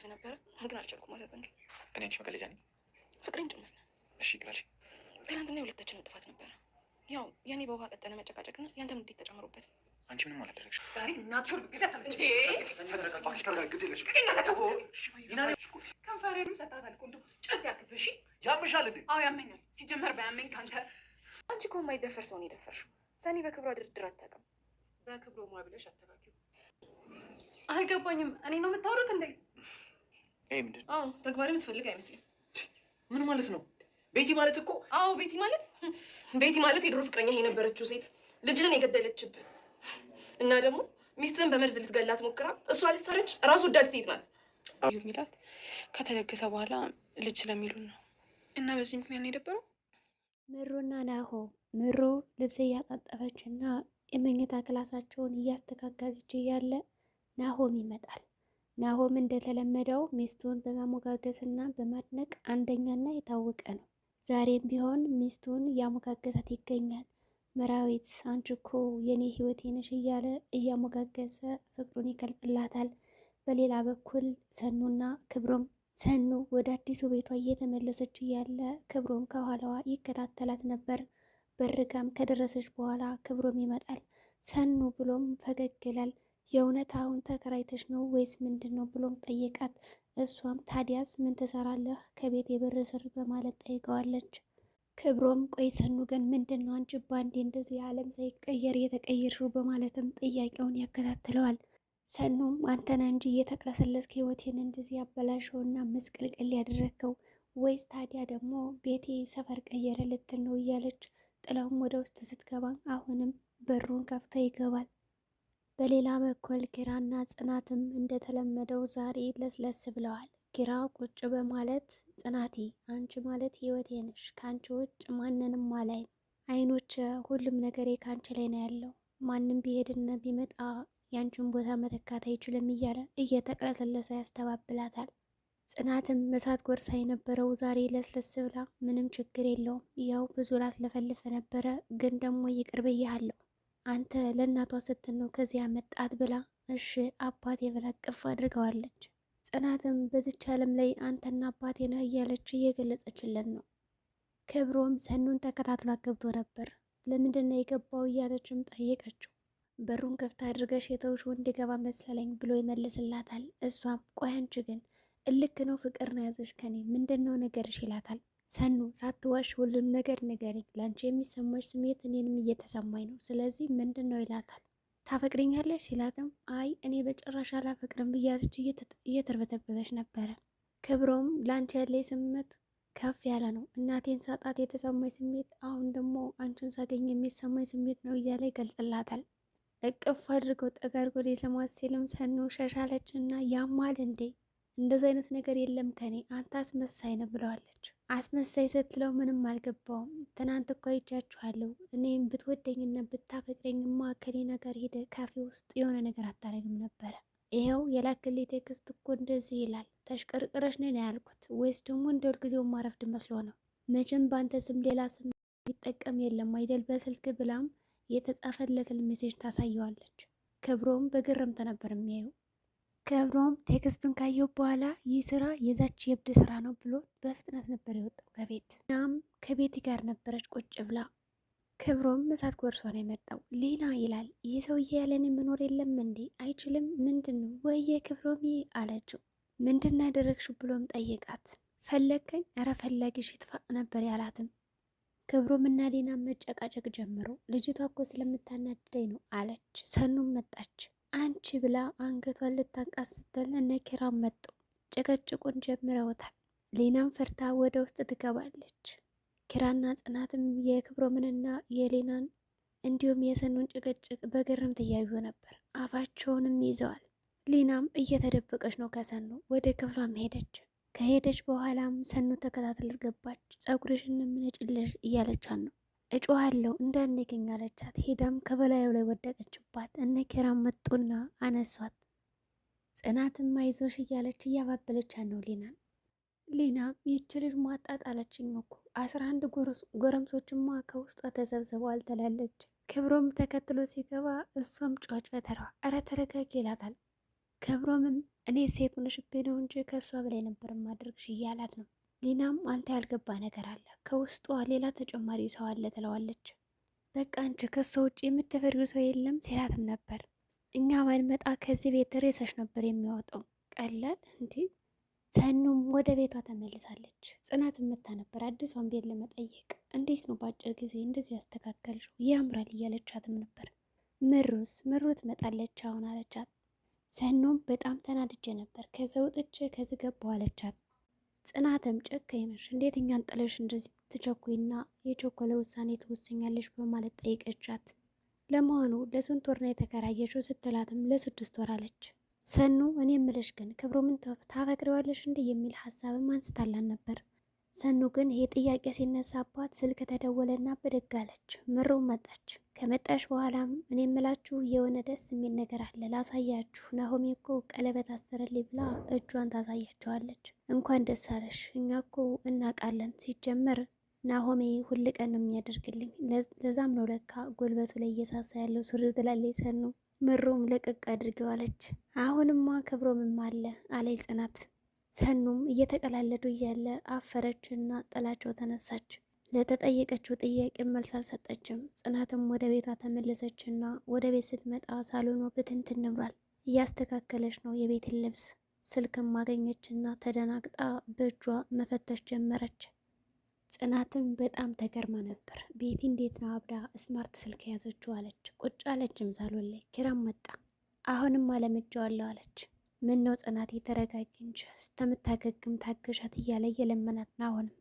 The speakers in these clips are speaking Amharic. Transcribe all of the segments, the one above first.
ማሳለፍ ነበረ፣ ግን አልቻልኩም። አሳዘንክ። እኔ አንቺ መቀለጃ ነኝ፣ ፍቅሬም ጭምር። እሺ ይቅርልሽ። ትናንትና የሁለታችንም ጥፋት ነበረ። ያው የኔ በውሃ ቀጠነ መጨቃጨቅና ያንተም እንዴት ተጨምሮበት። አንቺ ምንም አላደረግሽም። ዛሬ እናትሽን ብግዳት ከንፈሬንም ሰጣታል። ቆንጆ ጭረት ያክል እሺ። ያምሻል እንዴ? አዎ ያመኛል። ሲጀመር ባያመኝ ከአንተ አንቺ እኮ የማይደፈር ሰውን የደፈርሽው። ሰኒ በክብሯ ድርድር አታውቅም። በክብሮ ማ ብለሽ አስተካክሉ። አልገባኝም። እኔ ነው የምታወሩት እንዴ? ይሄ ምንድን ነው? አዎ ተግባሪ የምትፈልግ አይመስልም። ምን ማለት ነው? ቤቲ ማለት እኮ አዎ፣ ቤቲ ማለት ቤቲ ማለት የድሮ ፍቅረኛ የነበረችው ሴት ልጅህን የገደለችብህ እና ደግሞ ሚስትህን በመርዝ ልትገላት ሞክራ እሷ ልትሰረች ራሱ ወዳድ ሴት ናት የሚላት ከተለገሰ በኋላ ልጅ ስለሚሉን ነው። እና በዚህ ምክንያት ነው የደበረው። ምሩና ናሆ ምሩ ልብስ እያጣጠፈች እና የመኝታ ክላሳቸውን እያስተካከለች እያለ ናሆም ይመጣል። ናሆም እንደተለመደው ሚስቱን በማሞጋገስ እና በማድነቅ አንደኛና የታወቀ ነው። ዛሬም ቢሆን ሚስቱን እያሞጋገሳት ይገኛል። መራዊት አንቺ እኮ የኔ ህይወት ነሽ እያለ እያሞጋገሰ ፍቅሩን ይገልጽላታል። በሌላ በኩል ሰኑና ክብሮም ሰኑ ወደ አዲሱ ቤቷ እየተመለሰች እያለ ክብሮም ከኋላዋ ይከታተላት ነበር። በርጋም ከደረሰች በኋላ ክብሮም ይመጣል። ሰኑ ብሎም ፈገግ ይላል። የእውነት አሁን ተከራይተሽ ነው ወይስ ምንድን ነው ብሎም ጠየቃት። እሷም ታዲያስ ምን ትሰራለህ ከቤት የበር ስር በማለት ጠይቀዋለች። ክብሮም ቆይ ሰኑ ግን ምንድን ነው አንቺ ባንዴ እንደዚህ የዓለም ሳይቀየር የተቀየርሽው በማለትም ጥያቄውን ያከታትለዋል። ሰኑም አንተና እንጂ እየተቅለሰለስክ ህይወቴን እንደዚህ ያበላሸውና ምስቅልቅል ያደረግከው ወይስ ታዲያ ደግሞ ቤቴ ሰፈር ቀየረ ልትል ነው እያለች ጥላውም ወደ ውስጥ ስትገባ አሁንም በሩን ከፍታ ይገባል። በሌላ በኩል ኪራና ጽናትም እንደተለመደው ዛሬ ለስለስ ብለዋል። ኪራ ቁጭ በማለት ጽናቴ አንቺ ማለት ህይወቴ ነሽ፣ ከአንቺ ውጭ ማንንም አላይም፣ አይኖች ሁሉም ነገሬ ከአንቺ ላይ ነው ያለው፣ ማንም ቢሄድና ቢመጣ ያንቺን ቦታ መተካት አይችልም እያለ እየተቅለሰለሰ ያስተባብላታል። ጽናትም እሳት ጎርሳ የነበረው ዛሬ ለስለስ ብላ ምንም ችግር የለውም፣ ያው ብዙ ላስለፈልፈ ነበረ፣ ግን ደግሞ ይቅር ብያለሁ አንተ ለእናቷ ስትል ነው ከዚህ ያመጣት ብላ እሺ አባቴ ብላ ቅፍ አድርገዋለች። ጽናትም በዚች ዓለም ላይ አንተና አባቴ ነህ እያለች እየገለጸችለት ነው። ክብሮም ሰኑን ተከታትሎ ገብቶ ነበር። ለምንድን ነው የገባው እያለችም ጠየቀችው። በሩን ከፍታ አድርገሽ የተውሽ ወንድ ገባ መሰለኝ ብሎ ይመልስላታል። እሷም ቆይ አንቺ ግን እልክ ነው ፍቅር ነው ያዘሽ ከኔ ምንድን ነው ነገርሽ ይላታል። ሰኑ ሳትዋሽ ሁሉም ነገር ንገሪኝ። ላንቺ የሚሰማሽ ስሜት እኔንም እየተሰማኝ ነው። ስለዚህ ምንድን ነው ይላታል። ታፈቅሪኛለሽ ሲላትም አይ እኔ በጭራሽ አላፈቅርም ብያለች እየተርበተበተች ነበረ። ክብሮም ላንቺ ያለ ስሜት ከፍ ያለ ነው። እናቴን ሳጣት የተሰማኝ ስሜት አሁን ደግሞ አንቺን ሳገኝ የሚሰማኝ ስሜት ነው እያለ ይገልጽላታል። እቅፍ አድርጎ ጠጋርጎ ሊስማት ሲልም ሰኑ ሸሻለች እና ያማል እንዴ እንደዚ አይነት ነገር የለም ከኔ አንተ አስመሳይ ነው ብለዋለች። አስመሳይ ስትለው ምንም አልገባውም። ትናንት እኮ አይቻችኋለሁ እኔም ብትወደኝና ብታፈቅረኝማ ከኔ ነገር ሄደ ካፌ ውስጥ የሆነ ነገር አታረግም ነበረ። ይኸው የላክሌ ቴክስት እኮ እንደዚህ ይላል። ተሽቀርቅረሽ ነን ያልኩት ወይስ ደግሞ እንደ ሁልጊዜው ማረፍድ መስሎ ነው? መቼም በአንተ ስም ሌላ ስም የሚጠቀም የለም አይደል? በስልክ ብላም የተጻፈለትን ሜሴጅ ታሳየዋለች። ክብሮም በግርምት ነበር የሚያየው። ክብሮም ቴክስቱን ካየው በኋላ ይህ ስራ የዛች የእብድ ስራ ነው ብሎ በፍጥነት ነበር የወጣው ከቤት። እናም ከቤቲ ጋር ነበረች ቁጭ ብላ። ክብሮም እሳት ጎርሶ ነው የመጣው። ሊና ይላል ይህ ሰውዬ ያለን መኖር የለም እንዴ? አይችልም ምንድን ነው ወየ ክብሮም አለችው። ምንድን ነው ያደረግሽው ብሎም ጠየቃት። ፈለግከኝ? ኧረ ፈለግሽ ይጥፋ ነበር ያላትም። ክብሮም እና ሊና መጨቃጨቅ ጀምሮ ልጅቷ እኮ ስለምታናድደኝ ነው አለች። ሰኑም መጣች። አንቺ ብላ አንገቷን ልታንቃት ስትል እነ ኪራም መጡ። ጭቅጭቁን ጀምረውታል። ሌናም ፈርታ ወደ ውስጥ ትገባለች። ኪራና ጽናትም የክብሮምንና የሌናን እንዲሁም የሰኑን ጭቅጭቅ በግርምት እያዩ ነበር። አፋቸውንም ይዘዋል። ሊናም እየተደበቀች ነው ከሰኑ። ወደ ክፍሏም ሄደች። ከሄደች በኋላም ሰኑ ተከታትል ገባች። ጸጉርሽን ምነጭልሽ እያለቻት ነው። እጮኋለሁ እንዳንገኝ አለቻት። ሄዳም ከበላዩ ላይ ወደቀችባት። እነ ኪራም መጡና አነሷት። ጽናትም አይዞሽ እያለች እያባበለቻ ነው ሊና ሊናም ይች ልጅ ማጣት አለችኝ እኮ አስራ አንድ ጎረምሶችማ ከውስጧ ተሰብስበዋል ትላለች። ክብሮም ተከትሎ ሲገባ እሷም ጮች በተራዋ እረ ተረጋጊ ይላታል። ክብሮምም እኔ ሴት ሆነሽብኝ ነው እንጂ ከእሷ በላይ ነበር ማድረግሽ እያላት ነው ሊናም አንተ ያልገባ ነገር አለ፣ ከውስጧ ሌላ ተጨማሪ ሰው አለ ትለዋለች። በቃ አንቺ ከሷ ውጭ የምትፈሪው ሰው የለም ሲላትም ነበር። እኛ ባንመጣ ከዚህ ቤት ሬሳሽ ነበር የሚወጣው። ቀላል እንዲ ሰኑም ወደ ቤቷ ተመልሳለች። ጽናት መታ ነበር አዲሷን ቤት ለመጠየቅ። እንዴት ነው በአጭር ጊዜ እንደዚህ ያስተካከልሽው? ያምራል እያለቻትም ነበር። ምሩስ ምሩ ትመጣለች አሁን አለቻት። ሰኖም በጣም ተናድጄ ነበር ከዛ ወጥቼ ከዚህ ገባሁ አለቻት። ጽናትም ጨካኝ ነሽ፣ እንዴት እኛን ጥለሽ እንደዚህ ትቸኩይና የቸኮለ ውሳኔ ትወሰኛለሽ በማለት ጠይቀቻት። ለመሆኑ ለስንት ወር ነው የተከራየሽው ስትላትም ለስድስት ወር አለች። ሰኑ እኔ እምልሽ ግን ክብሮምን ታፈቅሪዋለሽ እንዴ የሚል ሀሳብም አንስታላን ነበር። ሰኑ ግን ይሄ ጥያቄ ሲነሳባት ስልክ ተደወለና ብድግ አለች። ምሩ መጣች። ከመጣሽ በኋላም እኔ የምላችሁ የሆነ ደስ የሚል ነገር አለ ላሳያችሁ። ናሆሜ እኮ ቀለበት አሰረልኝ ብላ እጇን ታሳያቸዋለች። እንኳን ደስ አለሽ፣ እኛ እኮ እናውቃለን። ሲጀመር ናሆሜ ሁል ቀን ነው የሚያደርግልኝ። ለዛም ነው ለካ ጉልበቱ ላይ እየሳሳ ያለው ስሪው ትላለች ሰኑ። ምሩም ለቅቅ አድርገዋለች። አሁንማ ክብሮምም አለ አለች ጽናት ሰኑም እየተቀላለዱ እያለ አፈረች እና ጥላቸው ተነሳች። ለተጠየቀችው ጥያቄ መልስ አልሰጠችም። ጽናትም ወደ ቤቷ ተመለሰች እና ወደ ቤት ስትመጣ ሳሎኗ ብትንትን ብሏል። እያስተካከለች ነው የቤትን ልብስ። ስልክም አገኘች እና ተደናግጣ በእጇ መፈተሽ ጀመረች። ጽናትም በጣም ተገርማ ነበር። ቤቲ እንዴት ነው አብዳ ስማርት ስልክ የያዘችው አለች። ቁጭ አለችም ሳሎን ላይ ኪራም መጣ። አሁንም አለምጃዋለሁ አለች። ምን ነው ጽናት የተረጋጊ እንጂ እስከምታገግም ታገሻት እያለ እየለመናት ነው። አሁንም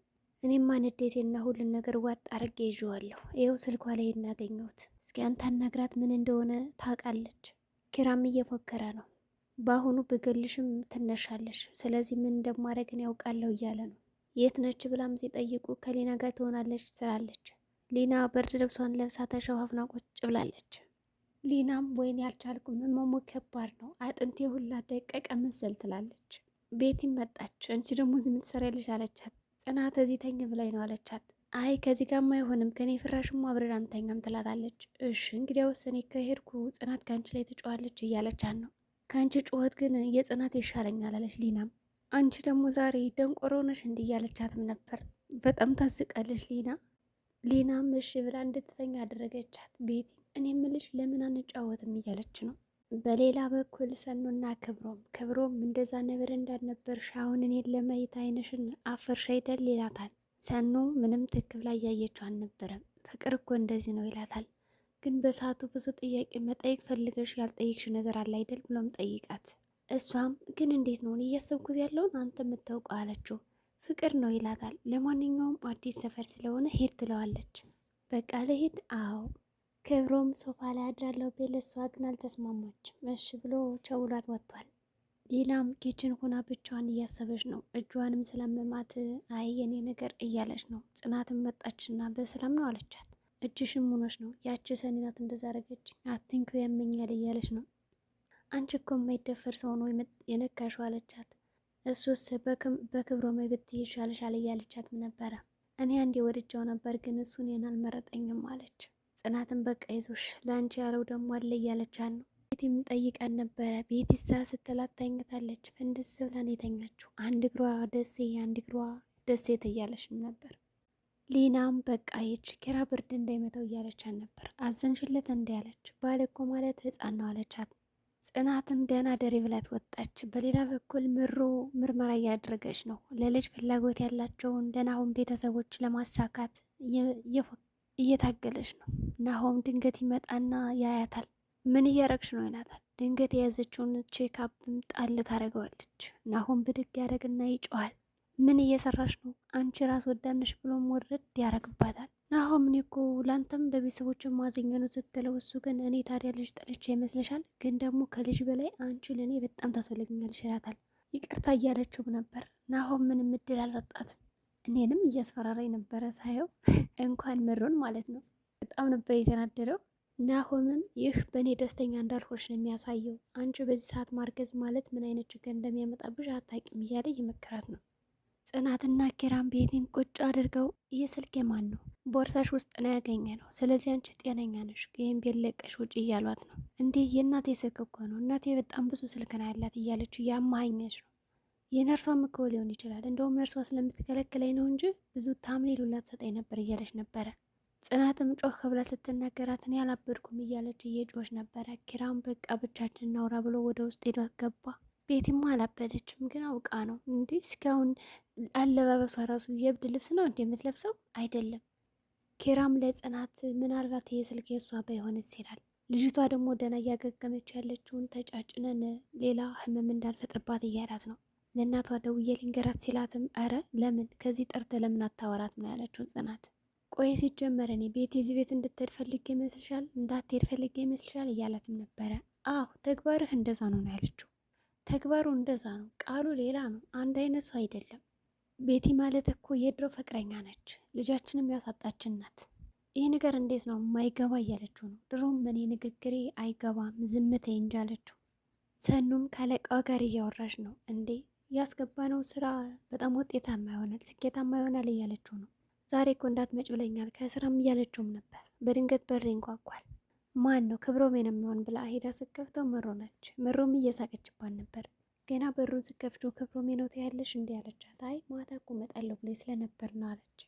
እኔማ ንዴቴና ሁሉን ነገር ዋጥ አርጌ ይዤዋለሁ። ይኸው ስልኳ ላይ እናገኘሁት። እስኪ አንተ አናግራት፣ ምን እንደሆነ ታውቃለች። ኪራም እየፎከረ ነው። በአሁኑ ብገልሽም ትነሻለሽ፣ ስለዚህ ምን እንደማደርግን ያውቃለሁ እያለ ነው። የት ነች ብላም ሲጠይቁ ከሊና ጋር ትሆናለች ትላለች። ሊና ብርድ ልብሷን ለብሳ ተሸፋፍና ቁጭ ብላለች። ሊናም ወይን ያልቻልኩም ህመሙ ከባድ ነው፣ አጥንቴ ሁላ ደቀቀ መሰል ትላለች። ቤቲም መጣች። አንቺ ደግሞ እዚህ ምን ትሰሪያለሽ? አለቻት። ጽናት እዚህ ተኝ ብላኝ ነው አለቻት። አይ ከዚህ ጋርማ አይሆንም፣ ከኔ ፍራሽም አብረን አንተኛም ትላታለች። እሺ እንግዲያውስ እኔ ከሄድኩ ጽናት ከአንቺ ላይ ትጮዋለች እያለቻት ነው። ከአንቺ ጩኸት ግን የጽናት ይሻለኛል አለች ሊናም። አንቺ ደግሞ ዛሬ ደንቆሮ ነሽ እንዲህ እያለቻትም ነበር። በጣም ታስቃለች ሊና። ሊናም እሺ ብላ እንድትተኛ አደረገቻት ቤቲ እኔ የምልሽ ለምን አንጫወትም እያለች ነው። በሌላ በኩል ሰኑና ክብሮም ክብሮም እንደዛ ነገር እንዳልነበርሽ አሁን እኔን አይነሽን አፈርሽ አይደል ይላታል። ሰኑ ምንም ትክብ ላይ ያየችው አልነበረም። ፍቅር እኮ እንደዚህ ነው ይላታል። ግን በሰዓቱ ብዙ ጥያቄ መጠየቅ ፈልገሽ ያልጠየቅሽ ነገር አለ አይደል ብሎም ጠይቃት። እሷም ግን እንዴት ነው እያሰብኩት ያለውን አንተ የምታውቀው አለችው። ፍቅር ነው ይላታል። ለማንኛውም አዲስ ሰፈር ስለሆነ ሄድ ትለዋለች። በቃ ለሄድ አዎ ክብሮም ሶፋ ላይ አድራለሁ ቤት ለሷ ግን አልተስማማችም። እሺ ብሎ ቸውሏት ወጥቷል። ሌላም ኬችን ሆና ብቻዋን እያሰበች ነው። እጇንም ስለመማት አይ የኔ ነገር እያለች ነው። ጽናትን መጣችና በሰላም ነው አለቻት። እጅሽም ሆኖች ነው ያቺ ሰኒናት ናት እንደዛ አደረገች አትንኩ ያመኛል እያለች ነው። አንቺ እኮ የማይደፈር ሰው ነው የነካሽው አለቻት። እሱስ በክብሮ መብት ይሻልሻል እያለቻትም ነበረ። እኔ አንዴ ወድጃው ነበር ግን እሱን ያን አልመረጠኝም አለች። ጽናትን በቃ ይዞሽ ለአንቺ ያለው ደግሞ አለ እያለቻት ነው። ቤቲም ጠይቃን ነበረ። ቤቲሳ ስትላት ተኝታለች። ፍንድስ ብላን የተኛችው አንድ እግሯ ደሴ አንድ እግሯ ደሴት እያለችም ነበር። ሊናም በቃ ይች ኪራ ብርድ እንዳይመተው እያለቻት ነበር። አዘንሽለት እንዳያለች ባል እኮ ማለት ህፃን ነው አለቻት። ጽናትም ደህና ደሪ ብላት ወጣች። በሌላ በኩል ምሩ ምርመራ እያደረገች ነው። ለልጅ ፍላጎት ያላቸውን ለናሁን ቤተሰቦች ለማሳካት የፎ እየታገለች ነው። ናሆም ድንገት ይመጣና ያያታል። ምን እያረግሽ ነው ይላታል። ድንገት የያዘችውን ቼካፕም ጣል ታደርገዋለች። ናሆም ብድግ ያደረግና ይጨዋል። ምን እየሰራሽ ነው አንቺ ራስ ወዳነሽ ብሎም ወረድ ያደርግባታል። ናሆም እኔ እኮ ላንተም በቤተሰቦች ማዘኛ ነው ስትለው፣ እሱ ግን እኔ ታዲያ ልጅ ጠልቻ ይመስልሻል? ግን ደግሞ ከልጅ በላይ አንቺ ለእኔ በጣም ታስፈልገኛለሽ ይላታል። ይቅርታ እያለችውም ነበር። ናሆም ምንም እድል አልሰጣትም። እኔንም እያስፈራራኝ ነበረ ሳየው እንኳን ምሩን ማለት ነው። በጣም ነበር የተናደደው። ናሆምም ይህ በእኔ ደስተኛ እንዳልሆንሽ ነው የሚያሳየው። አንቺ በዚህ ሰዓት ማርገዝ ማለት ምን አይነት ችግር እንደሚያመጣብሽ አታውቂም እያለ እየመከራት ነው። ጽናትና ኪራም ቤቴን ቁጭ አድርገው የስልኬ ማን ነው ቦርሳሽ ውስጥ ነው ያገኘ ነው። ስለዚህ አንቺ ጤነኛ ነሽ፣ ይህም ቤለቀሽ ውጭ እያሏት ነው። እንዲህ የእናቴ ስልክ እኮ ነው እናቴ በጣም ብዙ ስልክ ነው ያላት እያለች ያማሃኝነች ነው የነርሷም እኮ ሊሆን ይችላል። እንደውም ነርሷ ስለምትከለክለኝ ነው እንጂ ብዙ ታምሌል ሁላ ነበር እያለች ነበረ። ጽናትም ጮህ ብላ ስትናገራት እኔ አላበድኩም እያለች እየጮች ነበረ። ኪራም በቃ ብቻችን እናውራ ብሎ ወደ ውስጥ ሄዶ ገባ። ቤትማ አላበደችም፣ ግን አውቃ ነው እንዲህ እስካሁን አለባበሷ ራሱ የብድ ልብስ ነው እንዲ የምትለብሰው አይደለም። ኪራም ለጽናት ምናልባት ይሄ ስልክ የእሷ ባይሆንስ ይላል። ልጅቷ ደግሞ ደህና እያገገመች ያለችውን ተጫጭነን ሌላ ህመም እንዳልፈጥርባት እያላት ነው። ለእናቷ ደውዬ ልንገራት ሲላትም አረ ለምን ከዚህ ጠርተ ለምን አታወራትም ነው ያለችው ጽናት። ቆይ ሲጀመር እኔ ቤት የዚህ ቤት እንድትሄድ ፈልጌ ይመስልሻል? እንዳትሄድ ፈልጌ ይመስልሻል? እያላትም ነበረ። አሁ ተግባርህ እንደዛ ነው ነው ያለችው። ተግባሩ እንደዛ ነው፣ ቃሉ ሌላ ነው። አንድ አይነት ሰው አይደለም። ቤቲ ማለት እኮ የድሮ ፍቅረኛ ነች፣ ልጃችንም ያሳጣችን ናት። ይህ ነገር እንዴት ነው ማይገባ እያለችው ነው። ድሮም እኔ ንግግሬ አይገባም ዝምተኝ እንጂ አለችው። ሰኑም ካለቃዋ ጋር እያወራች ነው እንዴ ያስገባነው ስራ በጣም ውጤታማ ይሆናል፣ ስኬታማ ይሆናል እያለችው ነው። ዛሬ እኮ እንዳትመጭ ብለኛል ከስራም እያለችውም ነበር። በድንገት በር እንቋቋል። ማን ነው ክብሮም ነው የሚሆን ብላ ሄዳ ስከፍተው ምሮ ነች። ምሮም እየሳቀችባን ነበር። ገና በሩን ስከፍቶ ክብሮም ነው ትያለሽ እንዲ ያለቻት። አይ ማታ እኮ እመጣለሁ ብሎ ስለነበር ነው አለች።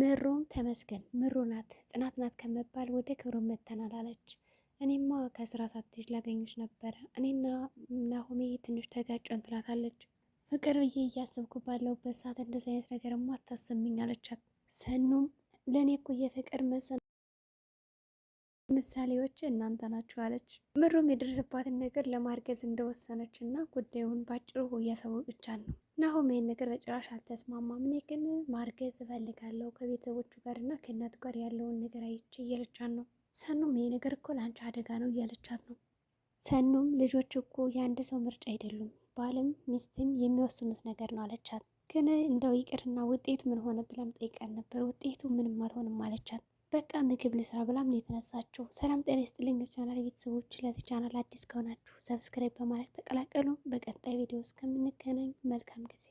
ምሮም ተመስገን ምሮ ናት ጽናት ናት ከመባል ወደ ክብሮም መተናል አለች። እኔማ ከስራ ሳትሽ ላገኘች ነበረ እኔና ናሆሜ ትንሽ ተጋጨን ትላታለች። ፍቅር ብዬ እያሰብኩ ባለሁበት ሰዓት እንደዚህ አይነት ነገር ማታሰምኝ አለቻት። ሰኑም ለእኔ እኮ የፍቅር መሰ- ምሳሌዎች እናንተ ናችሁ አለች። ምሩም የደረሰባትን ነገር ለማርገዝ እንደወሰነች እና ጉዳዩን ባጭሩ እያሳወቅቻት ነው። ናሆም ይህን ነገር በጭራሽ አልተስማማም። እኔ ግን ማርገዝ እፈልጋለሁ ከቤተሰቦቹ ጋር እና ከእናቱ ጋር ያለውን ነገር አይቼ እያለቻት ነው። ሰኑም ይህ ነገር እኮ ለአንቺ አደጋ ነው እያለቻት ነው። ሰኑም ልጆች እኮ የአንድ ሰው ምርጫ አይደሉም ባልም ሚስትም የሚወስኑት ነገር ነው አለቻት። ግን እንደው ይቅርና ውጤቱ ምን ሆነ ብላም ጠይቀን ነበር። ውጤቱ ምንም አልሆንም አለቻት። በቃ ምግብ ልስራ ብላም ነው የተነሳችው። ሰላም ጤና ይስጥልኝ ቻናል ቤተሰቦች፣ ለዚህ ቻናል አዲስ ከሆናችሁ ሰብስክራይብ በማድረግ ተቀላቀሉ። በቀጣይ ቪዲዮ እስከምንገናኝ መልካም ጊዜ